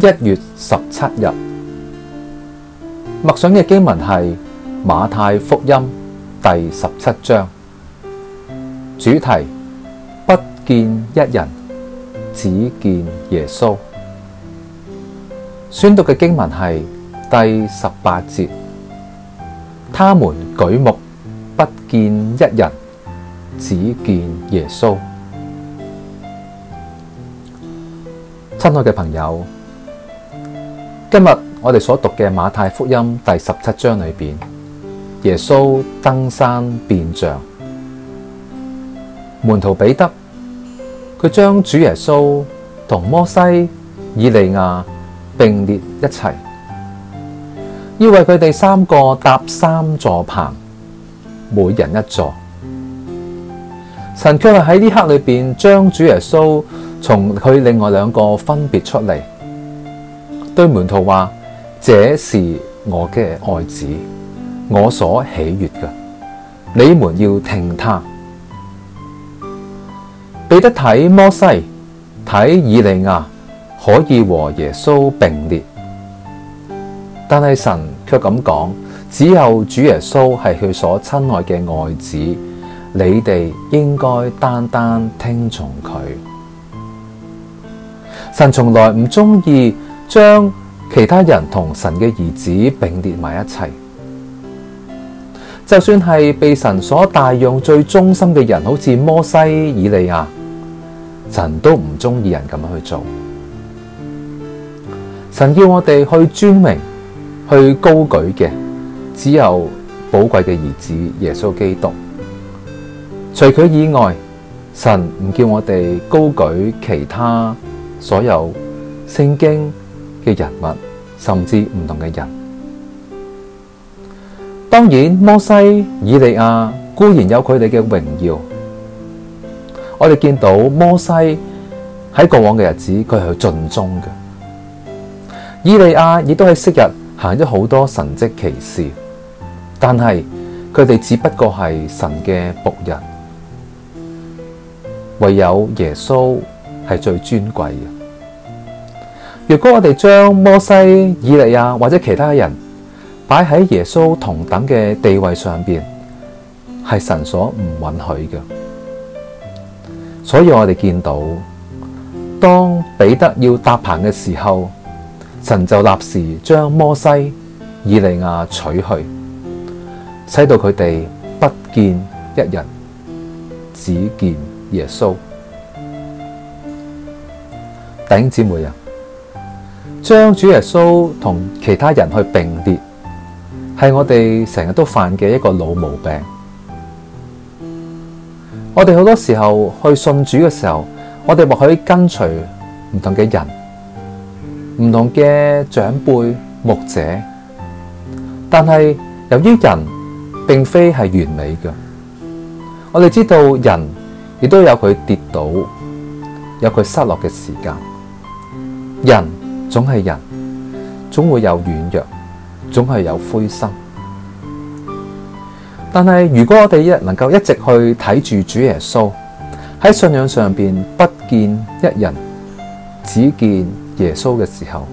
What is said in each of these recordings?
一月十七日默想嘅經文係馬太福音第十七章，主題不見一人，只見耶穌。宣讀嘅經文係第十八節，他們舉目，不見一人，只見耶穌。親愛嘅朋友。今日我哋所讀嘅馬太福音第十七章裏邊，耶穌登山變像，門徒彼得佢將主耶穌同摩西、以利亞並列一齊，要為佢哋三個搭三座棚，每人一座。神卻係喺呢刻裏邊，將主耶穌從佢另外兩個分別出嚟。對門徒話：這是我嘅愛子，我所喜悦嘅，你們要聽他。彼得睇摩西，睇以利亞，可以和耶穌並列，但係神卻咁講，只有主耶穌係佢所親愛嘅愛子，你哋應該單單聽從佢。神從來唔中意，將其他人同神嘅兒子並列埋一齊，就算係被神所大用最忠心嘅人，好似摩西、以利亞，神都唔中意人咁樣去做。神叫我哋去尊名去高舉嘅，只有寶貴嘅兒子耶穌基督。除佢以外，神唔叫我哋高舉其他所有聖經嘅人物，甚至唔同嘅人。當然，摩西、以利亞固然有佢哋嘅榮耀。我哋見到摩西喺過往嘅日子，佢係去盡忠嘅。以利亞亦都喺昔日行咗好多神蹟奇事。但係佢哋只不過係神嘅僕人，唯有耶穌係最尊貴嘅。如果我哋將摩西、以利亞或者其他人擺喺耶穌同等嘅地位上邊，係神所唔允許嘅。所以我哋見到，當彼得要搭棚嘅時候，神就立時將摩西、以利亞取去，使到佢哋不見一人，只見耶穌。弟兄姊妹啊！將主耶穌同其他人去並列，係我哋成日都犯嘅一個老毛病。我哋好多時候去信主嘅時候，我哋或許跟隨唔同嘅人、唔同嘅長輩、牧者，但係由於人並非係完美嘅，我哋知道人亦都有佢跌倒、有佢失落嘅時間，人，總係人總會有軟弱，總係有灰心。但係如果我哋一能夠一直去睇住主耶穌喺，信仰上邊，不見一人，只見耶穌嘅時候，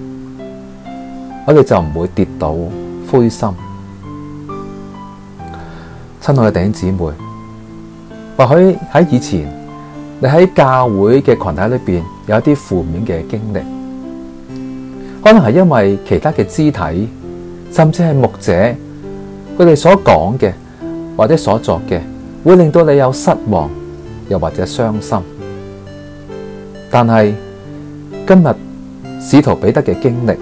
我哋就唔會跌到灰心。親愛嘅弟兄姊妹，或許喺以前你喺教會嘅群體裏邊有一啲負面嘅經歷。可能係因為其他嘅肢體，甚至係牧者，佢哋所講嘅或者所作嘅，會令到你有失望，又或者傷心。但係今日使徒彼得嘅經歷，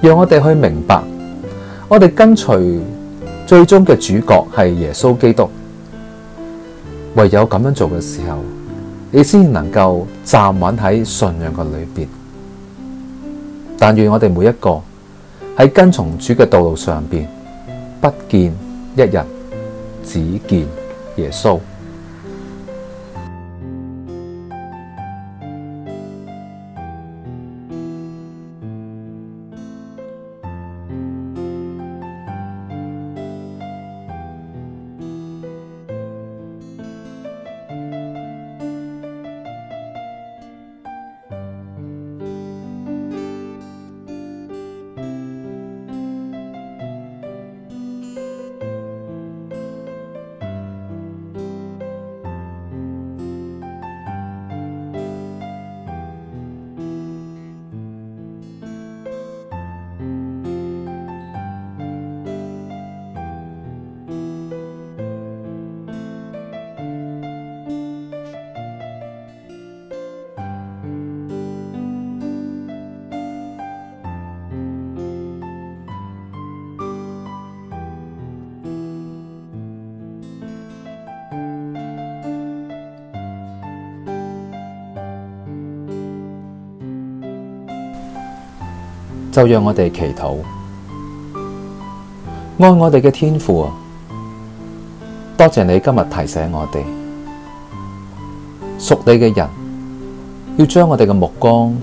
讓我哋去明白，我哋跟隨最終嘅主角係耶穌基督。唯有咁樣做嘅時候，你先能夠站穩喺信仰嘅裏邊。但願我哋每一個喺跟從主嘅道路上邊，不見一人，只見耶穌。就讓我哋祈禱，愛我哋嘅天父啊，多謝你今日提醒我哋，屬你嘅人要將我哋嘅目光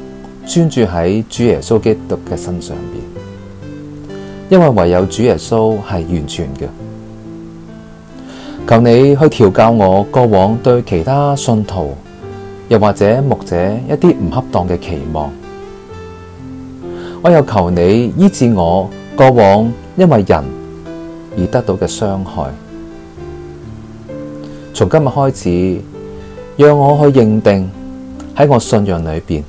專注喺主耶穌基督嘅身上邊，因為唯有主耶穌係完全嘅。求你去調教我過往對其他信徒又或者牧者一啲唔恰當嘅期望。我又求你醫治我過往因為人而得到嘅傷害。從今日開始，讓我去認定喺我信仰裏邊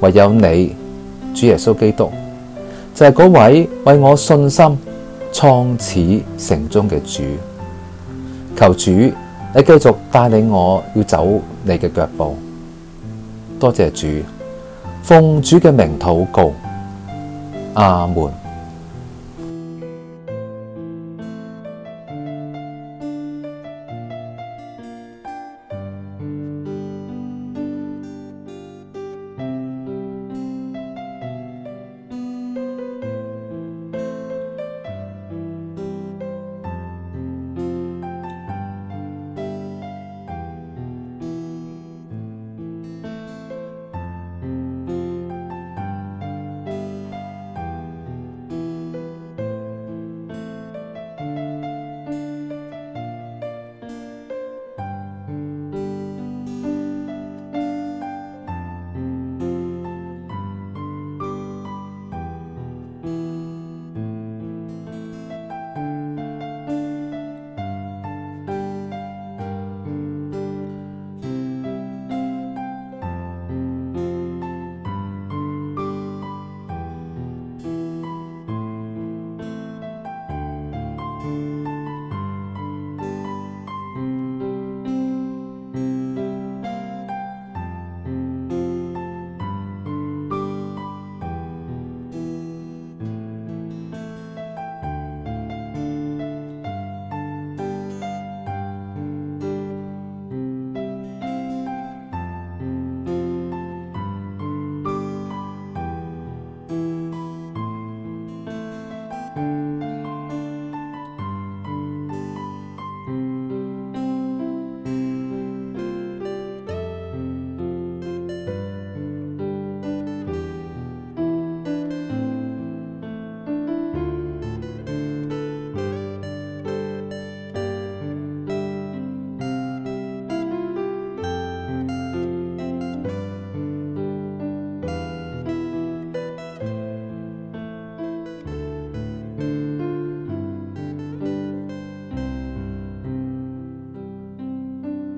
唯有你主耶穌基督，就係嗰位為我信心創始成終嘅主。求主，你繼續帶領我要走你嘅腳步。多謝主，奉主嘅名禱告。阿門。